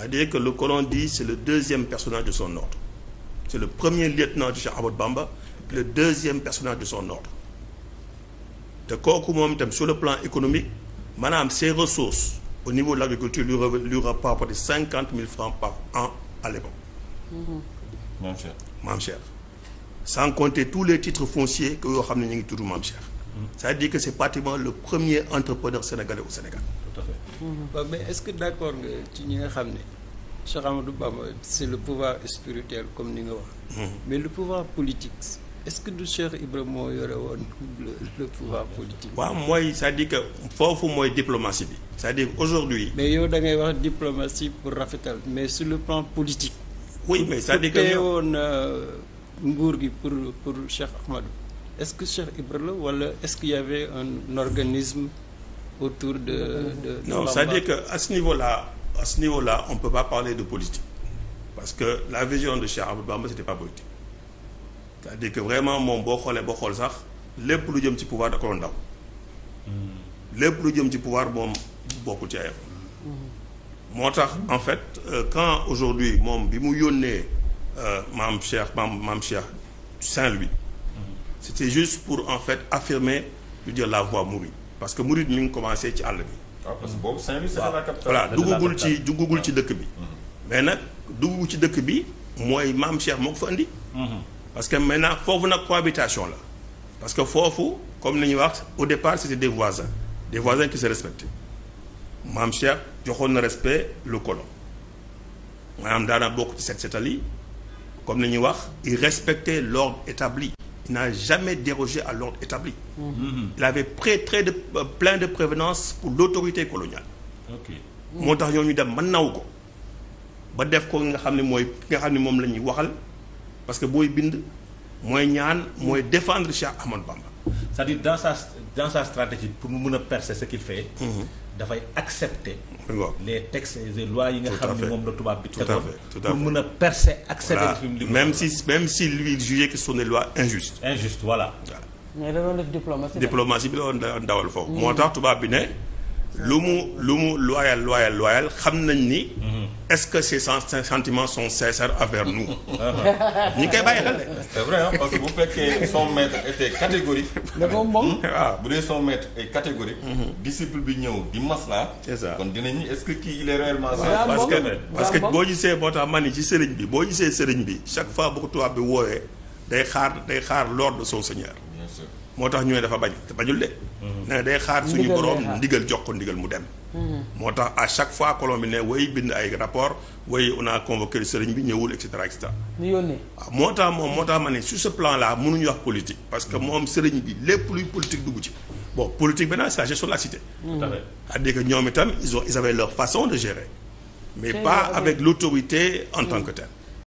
C'est-à-dire que le colon dit c'est le deuxième personnage de son ordre. C'est le premier lieutenant de Cheikh Ahmadou le deuxième personnage de son ordre. te kooku moom itam sur le plan économique maanaam ses ressources au niveau de l'agriculture lui lui rapporte cinquante mille francs par an à l'époque. Mm-hmm. Maam Cheikh Maam sans compter tous les titres fonciers que yoo xam ne ñu ngi tudd Maam Cheikh. Mm-hmm. c'est-à-dire que c'est pratiquement le premier entrepreneur sénégalais au Sénégal. Mm-hmm. waaw mais est-ce que d'accord nga ci ñi nga xam ne Cheikh Amadou Bamba c'est le pouvoir spirituel comme ni nga wax mm-hmm. mais le pouvoir politique est-ce que du Cheikh Ibrahima moo yore woon le pouvoir politique waaw mooy cest à que foofu mooy diplomatie bi c'est-à-dire aujourd'hui mais yow da wax diplomatie pour rafetal mais sur le plan politique oui mais cest à que woon euh, nguur gi pour pour Cheikh Ahmadou est-ce que Cheikh Ibrahima la wala est-ce qu'il y avait un organisme autour de, de, de non c'est-à-dire que à ce niveau-là à ce niveau-là on peut pas parler de politique parce que la vision de Cheikh Ahmadou Bamba c'était pas politique c'est-à-dire que vraiment moom boo xoolee boo xool sax lépp lu jëm ci pouvoir da ko doon daw lépp lu jëm ci pouvoir moom bokkul ci ayam tax en fait euh, quand aujourd'hui moom bi mu yónnee euh, maam Cheikh maam maam Cheikh Saint-Louis c'était juste pour en fait affirmer je veux dire la voie mouride parce que Mouride mi ngi commencé ci àll bi. waaw ah, parce que boobu saint ci duggagul ci dëkk bi. Mm-hmm. mais nag duggu ci dëkk bi mooy maam Cheikh moo ko fa andi. Mm-hmm. parce que maintenant foofu nag cohabitation la. parce que foofu comme ni ñuy wax au départ c'était des voisins des voisins qui se respectaient maam Cheikh joxoon na respect le colon maanaam ci set setal comme ni ñuy wax il respectait l'ordre établi. n'a jamais dérogé à l'ordre établi. Mm -hmm. il très de euh, plein de prévenance pour l'autorité coloniale. moo tax yow ñu dem ba naw ko ba def ko nga xam ne mooy nga xam ne moom la ñuy waxal parce que booy bind mooy ñaan mooy défendre Cheikh Ahmad Bamba. c'est-à-dire dans sa dans sa stratégie pour mu mun a percer ce qu'il fait. Mhm. dafay accepter. les textes et yi nga xam ne moom la tubaab bi. tout à fait a percer accepter. Voilà. même si même si lui il jugeait que ce sont des lois injustes. injustes voilà. voilà. da doon bi la woon dawal foofu. Mhm. moo tax tubaab bi ne. lu mu lu mu loyal loyal loyal xam nañ ni. Mhm. est-ce que ces sentiments sont sincères envers nous. ñu koy bàyyi xel de. c'est vrai parce que bu fekkee son maître était catégorique. ne moom waaw ah, bu dee son maître est catégorique. Mhm. disciple bi ñëw di maslaa. c'est ça kon dinañu est-ce que kii il parce que parce que boo gisee boo tax ma ni ci sëriñ bi boo gisee sëriñ bi chaque fois bu ko tubaab bi woowee day xaar day xaar l'ordre de son moo tax ñu dafa bañ te bañul de. Mhm. ne day xaar suñu borom ndigal jox ko ndigal mu dem. Mhm. moo tax à chaque fois colon bi ne way bind ay rapport way on a convoqué sëriñ bi ñëwul et cetera et cetera. ñu moo tax moom moo tax ma ne su ce plan là mënuñu wax politique. parce que moom sëriñ bi lépp luy politique dugg ci. bon politique maintenant c'est la gestion de la cité. Mhm. tout ñoom itam ils ont ils avaient leur façon de gérer. mais pas avec l'autorité en tant que telle.